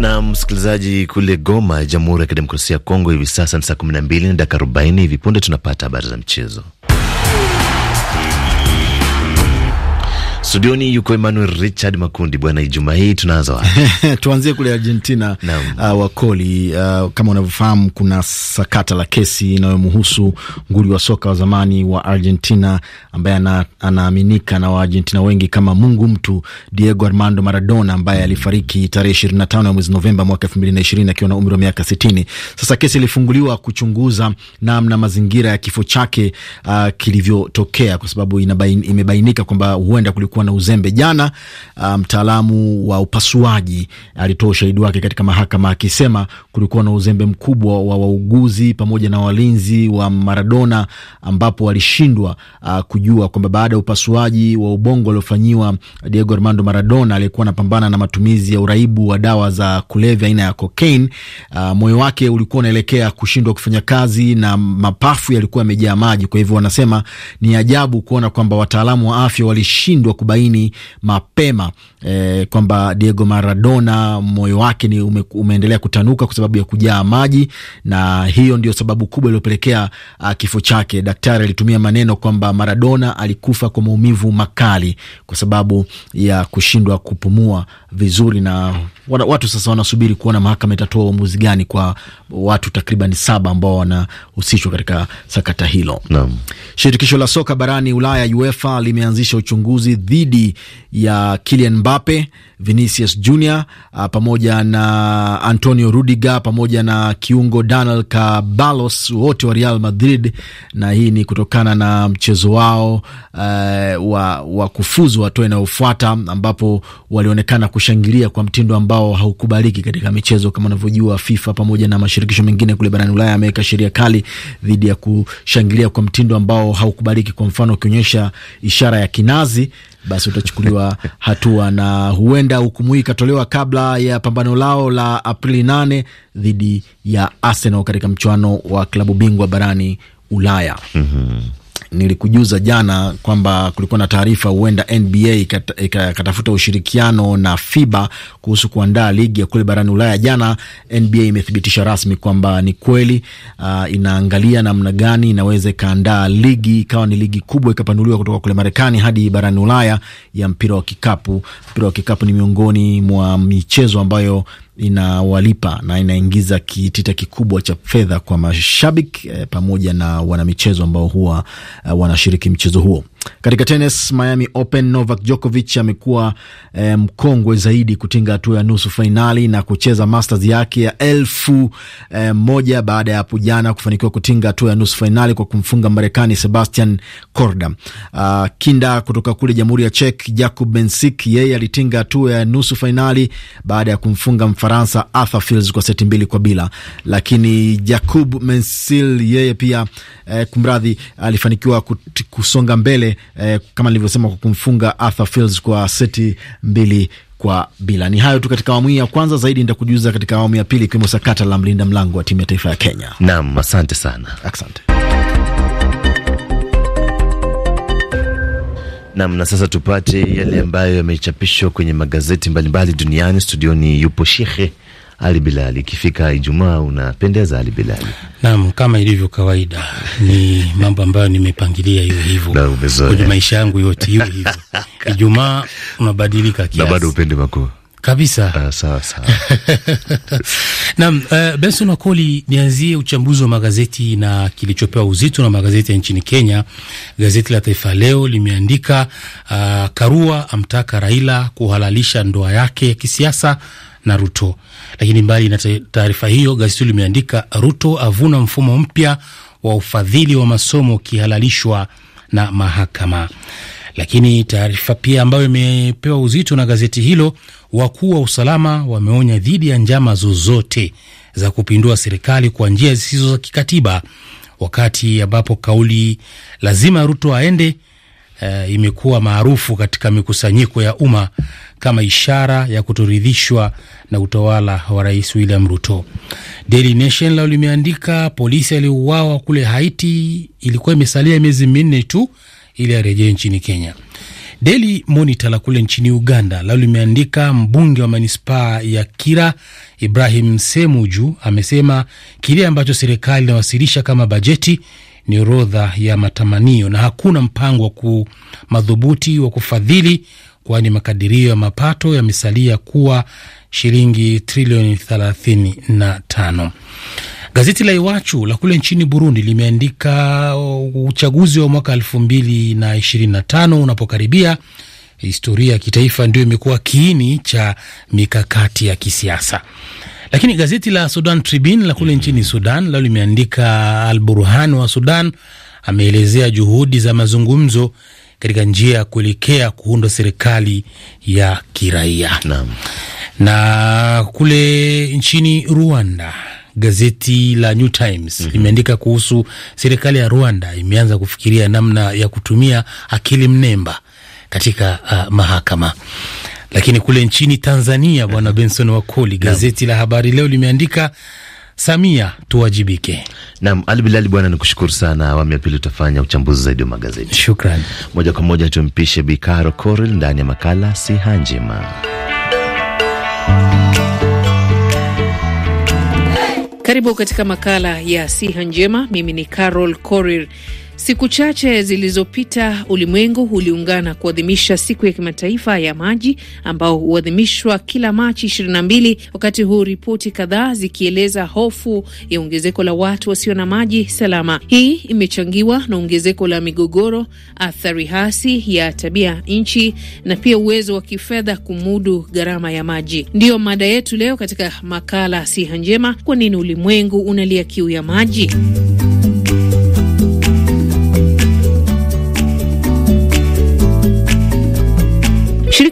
na msikilizaji kule Goma, Jamhuri ya Kidemokrasia ya Kongo, hivi sasa ni saa 12 na dakika 40. Hivi punde tunapata habari za mchezo. Studioni yuko Emmanuel Richard Makundi. Bwana, Ijumaa hii tunaanza wapi? Tuanzie kule Argentina. Uh, wakoli uh, kama unavyofahamu kuna sakata la kesi inayomhusu nguli wa soka wa zamani wa Argentina ambaye anaaminika na Waargentina wengi kama mungu mtu Diego Armando Maradona ambaye alifariki tarehe ishirini na tano ya mwezi Novemba mwaka elfu mbili na ishirini akiwa na umri wa miaka sitini. Sasa kesi ilifunguliwa kuchunguza namna mazingira ya kifo chake uh, kilivyotokea kwa sababu imebainika kwamba huenda kulikuwa alikuwa na uzembe. Jana uh, mtaalamu um, wa upasuaji alitoa ushahidi wake katika mahakama akisema kulikuwa na uzembe mkubwa wa wauguzi pamoja na walinzi wa Maradona, ambapo walishindwa uh, kujua kwamba baada ya upasuaji wa ubongo aliofanyiwa Diego Armando Maradona aliyekuwa anapambana na matumizi ya uraibu wa dawa za kulevya aina ya cocaine, uh, moyo wake ulikuwa unaelekea kushindwa kufanya kazi na mapafu yalikuwa yamejaa maji. Kwa hivyo wanasema ni ajabu kuona kwamba wataalamu wa afya walishindwa kubaini mapema eh, kwamba Diego Maradona moyo wake ni ume, umeendelea kutanuka kwa sababu sababu ya kujaa maji, na hiyo ndio sababu kubwa iliyopelekea uh, kifo chake. Daktari alitumia maneno kwamba Maradona alikufa kwa maumivu makali kwa sababu ya kushindwa kupumua vizuri na watu sasa wanasubiri kuona mahakama itatoa uamuzi gani kwa watu takriban saba ambao wanahusishwa katika sakata hilo. Shirikisho la soka barani Ulaya UEFA limeanzisha uchunguzi dhidi ya Kylian Mbappe, Vinicius Junior ah, pamoja na Antonio Rudiger pamoja na kiungo Daniel Ceballos wote wa Real Madrid, na hii ni kutokana na mchezo wao uh, wa, wa kufuzu hatua inayofuata ambapo walionekana kushangilia kwa mtindo ambao ambao haukubaliki katika michezo. Kama unavyojua, FIFA pamoja na mashirikisho mengine kule barani Ulaya ameweka sheria kali dhidi ya kushangilia kwa mtindo ambao haukubaliki. Kwa mfano, ukionyesha ishara ya kinazi basi utachukuliwa hatua na huenda hukumu hii ikatolewa kabla ya pambano lao la Aprili nane dhidi ya Arsenal katika mchuano wa klabu bingwa barani Ulaya. mm -hmm nilikujuza jana kwamba kulikuwa na taarifa huenda NBA ikatafuta ushirikiano na FIBA kuhusu kuandaa ligi ya kule barani Ulaya. Jana NBA imethibitisha rasmi kwamba ni kweli, uh, inaangalia namna gani inaweza ikaandaa ligi ikawa ni ligi kubwa ikapanuliwa kutoka kule Marekani hadi barani Ulaya ya mpira wa kikapu. Mpira wa kikapu ni miongoni mwa michezo ambayo inawalipa na inaingiza kitita kikubwa cha fedha kwa mashabiki eh, pamoja na wanamichezo ambao huwa eh, wanashiriki mchezo huo. Katika tenis, Miami Open, Novak Djokovic amekuwa eh, mkongwe zaidi kutinga hatua ya nusu fainali na kucheza Masters yake ya elfu eh, moja baada ya hapo jana kufanikiwa kutinga hatua ya nusu fainali kwa kumfunga Marekani Sebastian Korda. Uh, kinda kutoka kule Jamhuri ya Czech Jakub Mensik yeye alitinga hatua ya nusu fainali baada ya kumfunga Mfaransa Arthur Fils kwa seti mbili kwa bila, lakini Jakub Mensil yeye pia eh, kumradhi, alifanikiwa kusonga mbele eh, kama nilivyosema, kwa kumfunga Arthur Fields kwa seti mbili kwa bila. Ni hayo tu katika awamu hii ya kwanza, zaidi nitakujuza katika awamu ya pili, ikiwemo sakata la mlinda mlango wa timu ya taifa ya Kenya. Naam, asante sana, asante. Nam, na sasa tupate yale ambayo yamechapishwa kwenye magazeti mbalimbali mbali duniani. Studioni yupo Shekhe ali Bilali. Ikifika Ijumaa unapendeza Ali Bilali. Naam, kama ilivyo kawaida ni mambo ambayo nimepangilia iwe hivyo kwenye maisha yangu yote, iwe hivyo. Ijumaa unabadilika kiasi na bado upende makuu kabisa. Uh, sawa sawa. Naam, uh, Benson Wakoli, nianzie uchambuzi wa magazeti na kilichopewa uzito na magazeti ya nchini Kenya. Gazeti la Taifa Leo limeandika uh, Karua amtaka Raila kuhalalisha ndoa yake ya kisiasa na Ruto. Lakini mbali na taarifa hiyo, gazeti hilo limeandika Ruto avuna mfumo mpya wa ufadhili wa masomo ukihalalishwa na mahakama. Lakini taarifa pia ambayo imepewa uzito na gazeti hilo, wakuu wa usalama wameonya dhidi ya njama zozote za kupindua serikali kwa njia zisizo za kikatiba, wakati ambapo kauli lazima Ruto aende Uh, imekuwa maarufu katika mikusanyiko ya umma kama ishara ya kutoridhishwa na utawala wa Rais William Ruto. Daily Nation lao limeandika polisi aliyouawa kule Haiti ilikuwa imesalia miezi minne tu ili arejee nchini Kenya. Daily Monitor la kule nchini Uganda lao limeandika mbunge wa manispaa ya Kira Ibrahim Semuju amesema kile ambacho serikali inawasilisha kama bajeti ni orodha ya matamanio na hakuna mpango wa kumadhubuti wa kufadhili kwani makadirio ya mapato yamesalia kuwa shilingi trilioni 35. Gazeti la Iwachu la kule nchini Burundi limeandika uh, uchaguzi wa mwaka tano unapokaribia, historia ya kitaifa ndio imekuwa kiini cha mikakati ya kisiasa. Lakini gazeti la Sudan Tribune la kule nchini Sudan lao limeandika, Al Burhan wa Sudan ameelezea juhudi za mazungumzo katika njia ya kuelekea kuundwa serikali ya kiraia. Naam. Na kule nchini Rwanda gazeti la New Times mm -hmm. limeandika kuhusu serikali ya Rwanda imeanza kufikiria namna ya kutumia akili mnemba katika uh, mahakama. Lakini kule nchini Tanzania, bwana mhm. Benson Wakoli, gazeti la Habari Leo limeandika Samia tuwajibike. Naam, Albilali bwana, nikushukuru sana. Awamu ya pili utafanya uchambuzi zaidi wa magazeti. Shukran. Moja kwa moja tumpishe Bikaro Coril ndani ya makala Siha Njema. Karibu katika makala ya Siha Njema. Mimi ni Carol Korir. Siku chache zilizopita ulimwengu uliungana kuadhimisha siku ya kimataifa ya maji ambao huadhimishwa kila Machi 22, wakati huu ripoti kadhaa zikieleza hofu ya ongezeko la watu wasio na maji salama. Hii imechangiwa na ongezeko la migogoro, athari hasi ya tabia nchi na pia uwezo wa kifedha kumudu gharama ya maji. Ndiyo mada yetu leo katika makala Siha Njema, kwa nini ulimwengu unalia kiu ya maji?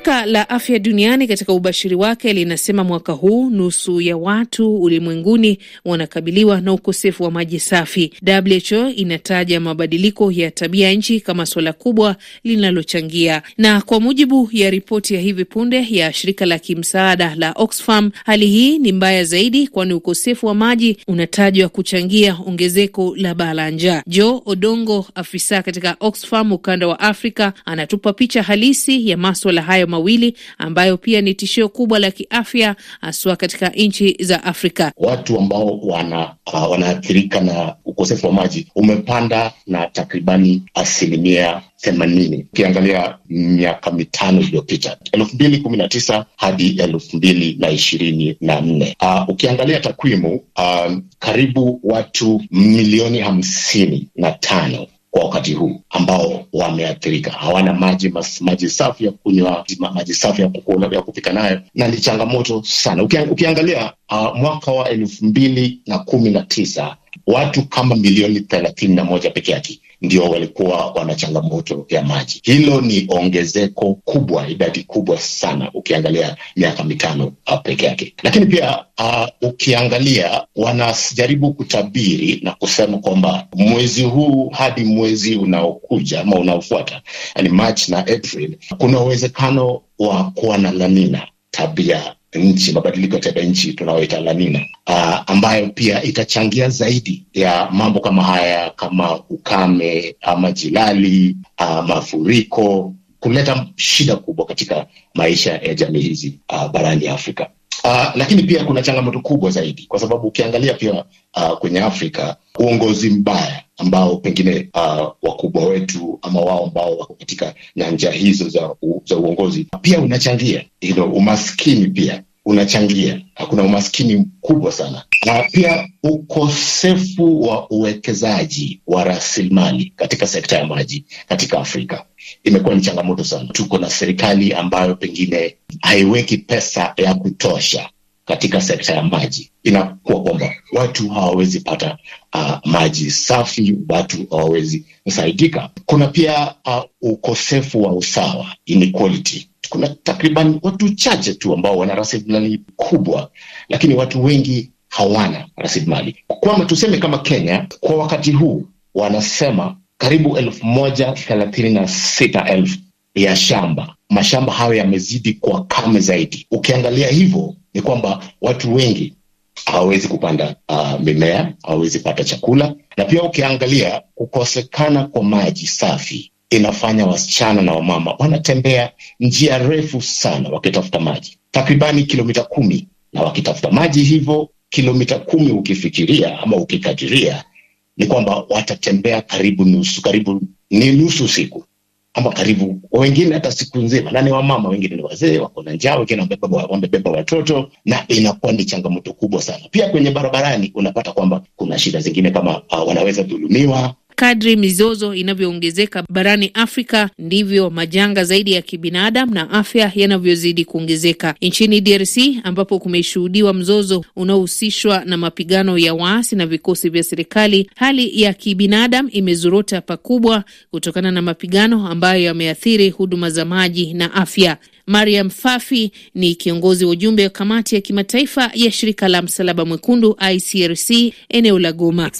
Shirika la Afya Duniani katika ubashiri wake linasema mwaka huu nusu ya watu ulimwenguni wanakabiliwa na ukosefu wa maji safi. WHO inataja mabadiliko ya tabia nchi kama suala kubwa linalochangia, na kwa mujibu ya ripoti ya hivi punde ya shirika la kimsaada la Oxfam, hali hii ni mbaya zaidi, kwani ukosefu wa maji unatajwa kuchangia ongezeko la baa la njaa. Joe Odongo, afisa katika Oxfam ukanda wa Afrika, anatupa picha halisi ya maswala hayo mawili ambayo pia ni tishio kubwa la kiafya haswa katika nchi za Afrika. Watu ambao wana uh, wanaathirika na ukosefu wa maji umepanda na takribani asilimia themanini ukiangalia miaka mitano iliyopita elfu mbili kumi na tisa hadi elfu mbili na ishirini na nne uh, ukiangalia takwimu uh, karibu watu milioni hamsini na tano kwa wakati huu ambao wameathirika, hawana maji maji safi ya kunywa, maji safi ya, kukula, ya kupika nayo, na ni changamoto sana. Ukiangalia uh, mwaka wa elfu mbili na kumi na tisa watu kama milioni thelathini na moja peke yake ndio walikuwa wana changamoto ya maji. Hilo ni ongezeko kubwa, idadi kubwa sana ukiangalia miaka mitano ah, peke yake. Lakini pia uh, ukiangalia wanajaribu kutabiri na kusema kwamba mwezi huu hadi mwezi unaokuja ama unaofuata, yani March na April, kuna uwezekano wa kuwa na lanina tabia nchi, mabadiliko ya tabia nchi tunayoita uh, ambayo pia itachangia zaidi ya mambo kama haya kama ukame ama ah, jilali, uh, ah, mafuriko kuleta shida kubwa katika maisha ya jamii hizi uh, barani Afrika. Uh, lakini pia kuna changamoto kubwa zaidi kwa sababu ukiangalia pia uh, kwenye Afrika uongozi mbaya ambao pengine uh, wakubwa wetu ama wao ambao wako katika nyanja hizo za, u, za uongozi pia unachangia hilo umaskini pia unachangia na kuna umaskini mkubwa sana, na pia ukosefu wa uwekezaji wa rasilimali katika sekta ya maji katika Afrika imekuwa ni changamoto sana. Tuko na serikali ambayo pengine haiweki pesa ya kutosha katika sekta ya maji, inakuwa kwamba watu hawawezi pata uh, maji safi, watu hawawezi saidika. Kuna pia uh, ukosefu wa usawa, inequality kuna takriban watu chache tu ambao wana rasilimali kubwa, lakini watu wengi hawana rasilimali. kwama, tuseme kama Kenya kwa wakati huu wanasema karibu elfu moja thelathini na sita elfu ya shamba, mashamba hayo yamezidi kwa kame zaidi. Ukiangalia hivyo ni kwamba watu wengi hawawezi kupanda uh, mimea, hawawezi pata chakula, na pia ukiangalia kukosekana kwa maji safi inafanya wasichana na wamama wanatembea njia refu sana wakitafuta maji, takribani kilomita kumi, na wakitafuta maji hivyo kilomita kumi, ukifikiria ama ukikadiria ni kwamba watatembea karibu nusu karibu ni nusu siku ama karibu wengine hata siku nzima, na ni wamama, wengine ni wazee, wako na njaa, wengine wamebeba watoto, na inakuwa ni changamoto kubwa sana. Pia kwenye barabarani unapata kwamba kuna shida zingine kama uh, wanaweza dhulumiwa Kadri mizozo inavyoongezeka barani Afrika ndivyo majanga zaidi ya kibinadamu na afya yanavyozidi kuongezeka. Nchini DRC ambapo kumeshuhudiwa mzozo unaohusishwa na mapigano ya waasi na vikosi vya serikali, hali ya kibinadamu imezorota pakubwa kutokana na mapigano ambayo yameathiri huduma za maji na afya. Mariam Fafi ni kiongozi wa ujumbe wa kamati ya kimataifa ya shirika la msalaba mwekundu ICRC eneo la Goma.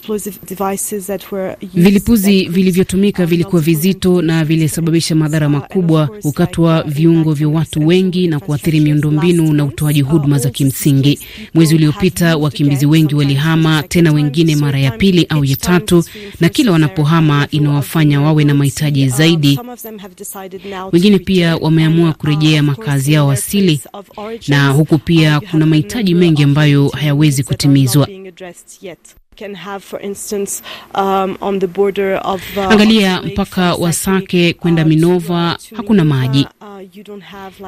Vilipuzi vilivyotumika vilikuwa vizito na vilisababisha madhara makubwa, kukatwa viungo vya watu wengi na kuathiri miundombinu na utoaji huduma za kimsingi. Mwezi uliopita wakimbizi wengi walihama, tena wengine mara ya pili au ya tatu, na kila wanapohama inawafanya wawe na mahitaji zaidi. Wengine pia wameamua kurejea makazi yao asili, na huku pia kuna mahitaji mengi ambayo hayawezi kutimizwa. Um, uh, Angalia mpaka wa Sake uh, kwenda uh, Minova, hakuna maji,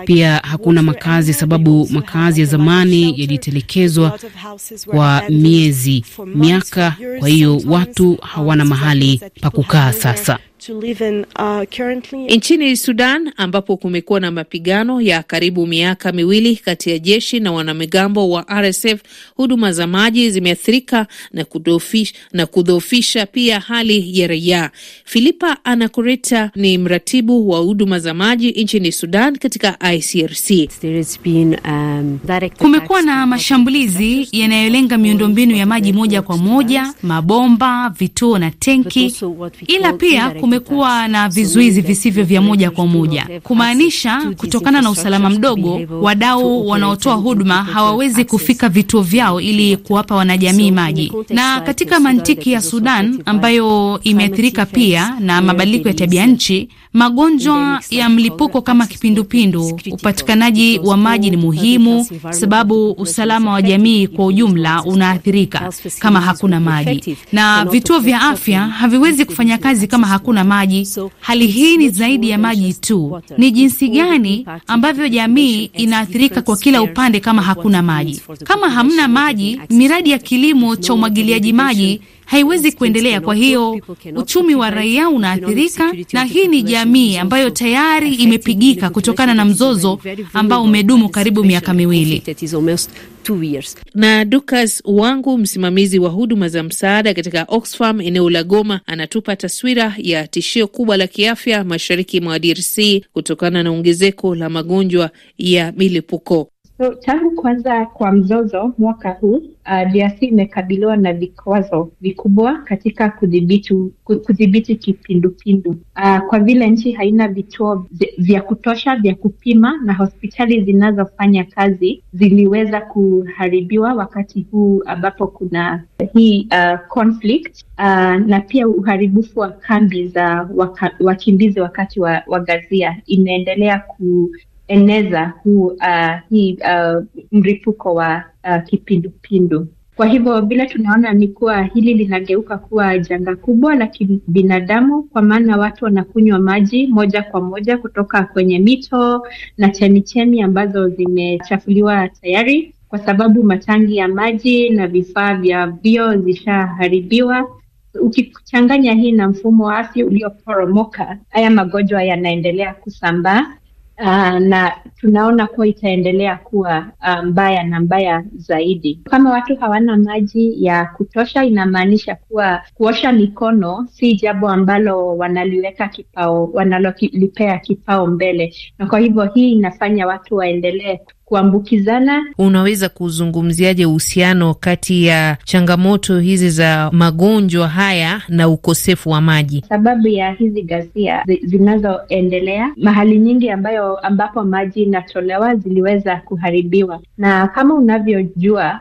pia hakuna makazi, sababu makazi ya zamani yalitelekezwa kwa miezi, miaka. Kwa hiyo watu hawana um, mahali pa kukaa sasa. Uh, nchini Sudan ambapo kumekuwa na mapigano ya karibu miaka miwili kati ya jeshi na wanamigambo wa RSF, huduma za maji zimeathirika na kudhoofisha na kudhoofisha pia hali ya raia. Filipa Anakureta ni mratibu wa huduma za maji nchini Sudan katika ICRC. Been, um, kumekuwa na mashambulizi yanayolenga miundombinu ya maji moja kwa moja, mabomba, vituo na tenki, ila pia kume kumekuwa na vizuizi visivyo vya moja kwa moja, kumaanisha kutokana na usalama mdogo, wadau wanaotoa huduma hawawezi kufika vituo vyao ili kuwapa wanajamii maji. Na katika mantiki ya Sudan ambayo imeathirika pia na mabadiliko ya tabia nchi, magonjwa ya mlipuko kama kipindupindu, upatikanaji wa maji ni muhimu, sababu usalama wa jamii kwa ujumla unaathirika kama hakuna maji, na vituo vya afya haviwezi kufanya kazi kama hakuna hakuna maji. Hali hii ni zaidi ya maji tu, ni jinsi gani ambavyo jamii inaathirika kwa kila upande kama hakuna maji. Kama hamna maji, miradi ya kilimo cha umwagiliaji maji haiwezi kuendelea. Kwa hiyo uchumi wa raia unaathirika, na hii ni jamii ambayo tayari imepigika kutokana na mzozo ambao umedumu karibu miaka miwili. Na Dukas Wangu, msimamizi wa huduma za msaada katika Oxfam eneo la Goma, anatupa taswira ya tishio kubwa la kiafya mashariki mwa DRC kutokana na ongezeko la magonjwa ya milipuko. So, tangu kwanza kwa mzozo mwaka huu uh, DRC imekabiliwa na vikwazo vikubwa katika kudhibiti kipindupindu uh, kwa vile nchi haina vituo vya kutosha vya kupima na hospitali zinazofanya kazi ziliweza kuharibiwa wakati huu ambapo kuna hii uh, conflict uh, na pia uharibifu wa kambi za waka, wakimbizi wakati wa, wa ghasia imeendelea ku kueneza huu uh, hii uh, mripuko wa uh, kipindupindu. Kwa hivyo vile tunaona ni kuwa hili linageuka kuwa janga kubwa la kibinadamu, kwa maana watu wanakunywa maji moja kwa moja kutoka kwenye mito na chemichemi ambazo zimechafuliwa tayari, kwa sababu matangi ya maji na vifaa vya vio zishaharibiwa. Ukichanganya hii na mfumo wa afya ulioporomoka, haya magonjwa yanaendelea kusambaa uh, na tunaona kuwa itaendelea kuwa ah, mbaya na mbaya zaidi. Kama watu hawana maji ya kutosha, inamaanisha kuwa kuosha mikono si jambo ambalo wanaliweka kipao, wanalolipea kipao mbele, na kwa hivyo hii inafanya watu waendelee kuambukizana. Unaweza kuzungumziaje uhusiano kati ya changamoto hizi za magonjwa haya na ukosefu wa maji? Sababu ya hizi ghasia zinazoendelea mahali nyingi ambayo ambapo maji inatolewa ziliweza kuharibiwa, na kama unavyojua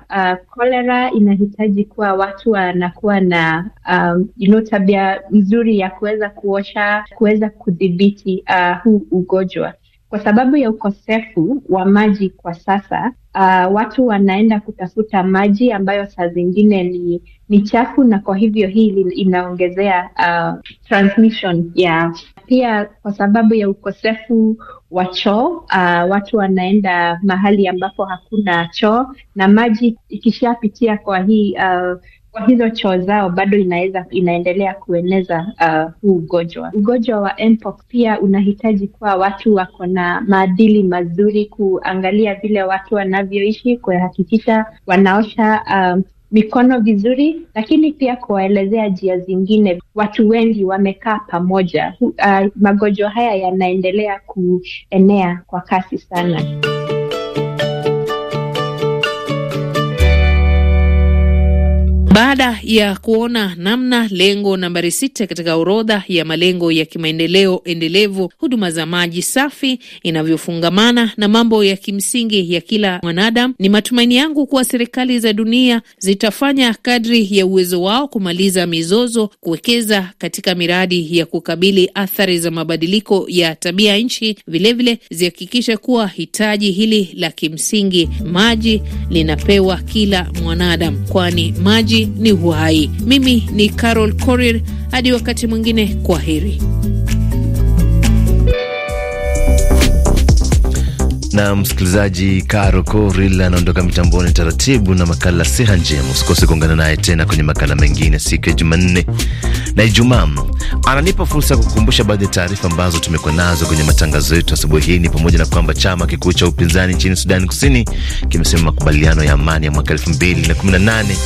kolera uh, inahitaji kuwa watu wanakuwa na um, you know, tabia nzuri ya kuweza kuosha, kuweza kudhibiti uh, huu ugonjwa. Kwa sababu ya ukosefu wa maji kwa sasa, uh, watu wanaenda kutafuta maji ambayo saa zingine ni, ni chafu na kwa hivyo hii inaongezea uh, transmission ya pia. Kwa sababu ya ukosefu wa choo, uh, watu wanaenda mahali ambapo hakuna choo na maji ikishapitia kwa hii uh, kwa hizo choo zao bado inaweza inaendelea kueneza uh, huu ugonjwa. Ugonjwa wa mpox pia unahitaji kuwa watu wako na maadili mazuri, kuangalia vile watu wanavyoishi, kuhakikisha wanaosha um, mikono vizuri, lakini pia kuwaelezea njia zingine. Watu wengi wamekaa pamoja, uh, magonjwa haya yanaendelea kuenea kwa kasi sana. baada ya kuona namna lengo nambari sita katika orodha ya malengo ya kimaendeleo endelevu, huduma za maji safi inavyofungamana na mambo ya kimsingi ya kila mwanadamu, ni matumaini yangu kuwa serikali za dunia zitafanya kadri ya uwezo wao kumaliza mizozo, kuwekeza katika miradi ya kukabili athari za mabadiliko ya tabia nchi, vilevile zihakikishe kuwa hitaji hili la kimsingi maji linapewa kila mwanadamu, kwani maji ni ni uhai. Mimi ni Carol Korir, hadi wakati mwingine, kwa heri. na msikilizaji, Karo Koril anaondoka mitamboni taratibu na makala siha njema. Usikose kuungana naye tena kwenye makala mengine siku ya Jumanne na Ijumaa. Ananipa fursa ya kukumbusha baadhi ya taarifa ambazo tumekuwa nazo kwenye matangazo yetu asubuhi hii, ni pamoja na kwamba chama kikuu cha upinzani nchini Sudani Kusini kimesema makubaliano ya amani ya mwaka nane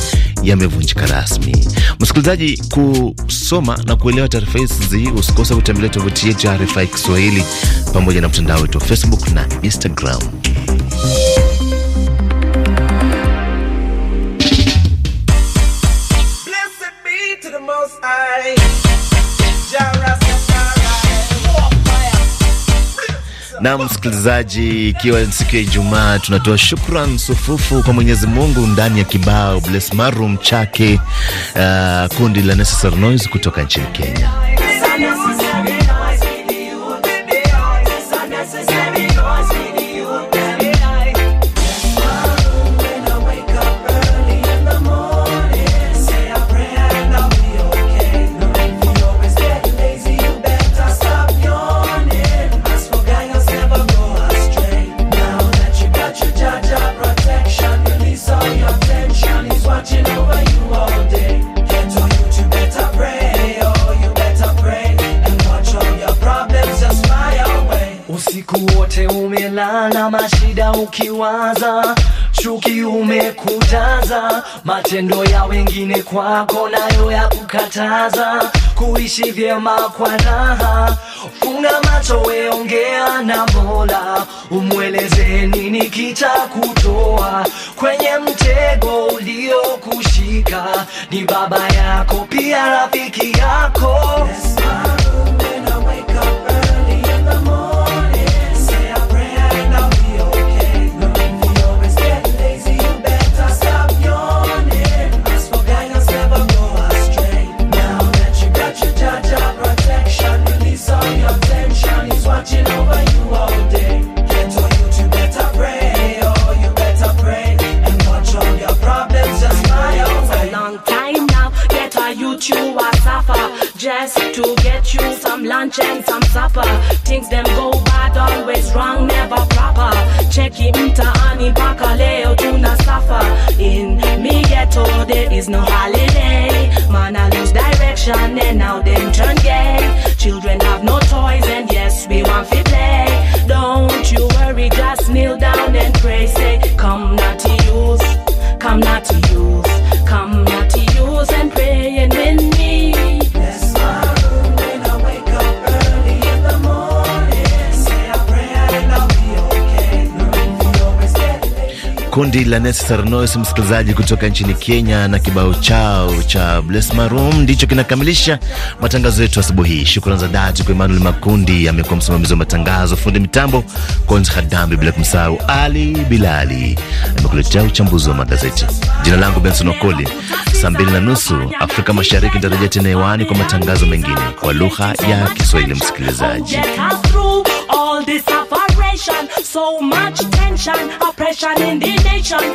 yamevunjika rasmi. Msikilizaji, kusoma na kuelewa taarifa hizi, usikose kutembelea tovuti yetu ya RFI Kiswahili pamoja na mtandao wetu wa Facebook na Instagram. Instagram. Na msikilizaji, ikiwa siku ya Ijumaa, tunatoa shukran sufufu kwa Mwenyezi Mungu ndani ya kibao Bless Marum chake uh, kundi la Necessary Noise kutoka nchini Kenya. kwako nayo ya kukataza kuishi vyema kwa raha. Funga macho, weongea na Mola, umweleze nini kutoa kwenye mtego uliokushika. Ni baba yako pia rafiki yako Lesa. conscience I'm supper. Things them go bad, always wrong, never proper. Check it ani baka leo not suffer. In me ghetto there is no holiday. Man I lose direction and now them turn gay. Children have no toys and yes we want fit kundi la Necessary Noise, msikilizaji kutoka nchini Kenya, na kibao chao cha Bless My Room ndicho kinakamilisha matangazo yetu asubuhi hii. Shukrani za dhati kwa Emmanuel Makundi, amekuwa msimamizi wa matangazo, fundi mitambo Konzi Hadambi, bila kumsahau Ali Bilali amekuletea uchambuzi wa magazeti. Jina langu Benson Okoli. Saa mbili na nusu Afrika Mashariki nitarejea tena hewani kwa matangazo mengine kwa lugha ya Kiswahili, msikilizaji. nation. So much tension, oppression in the nation.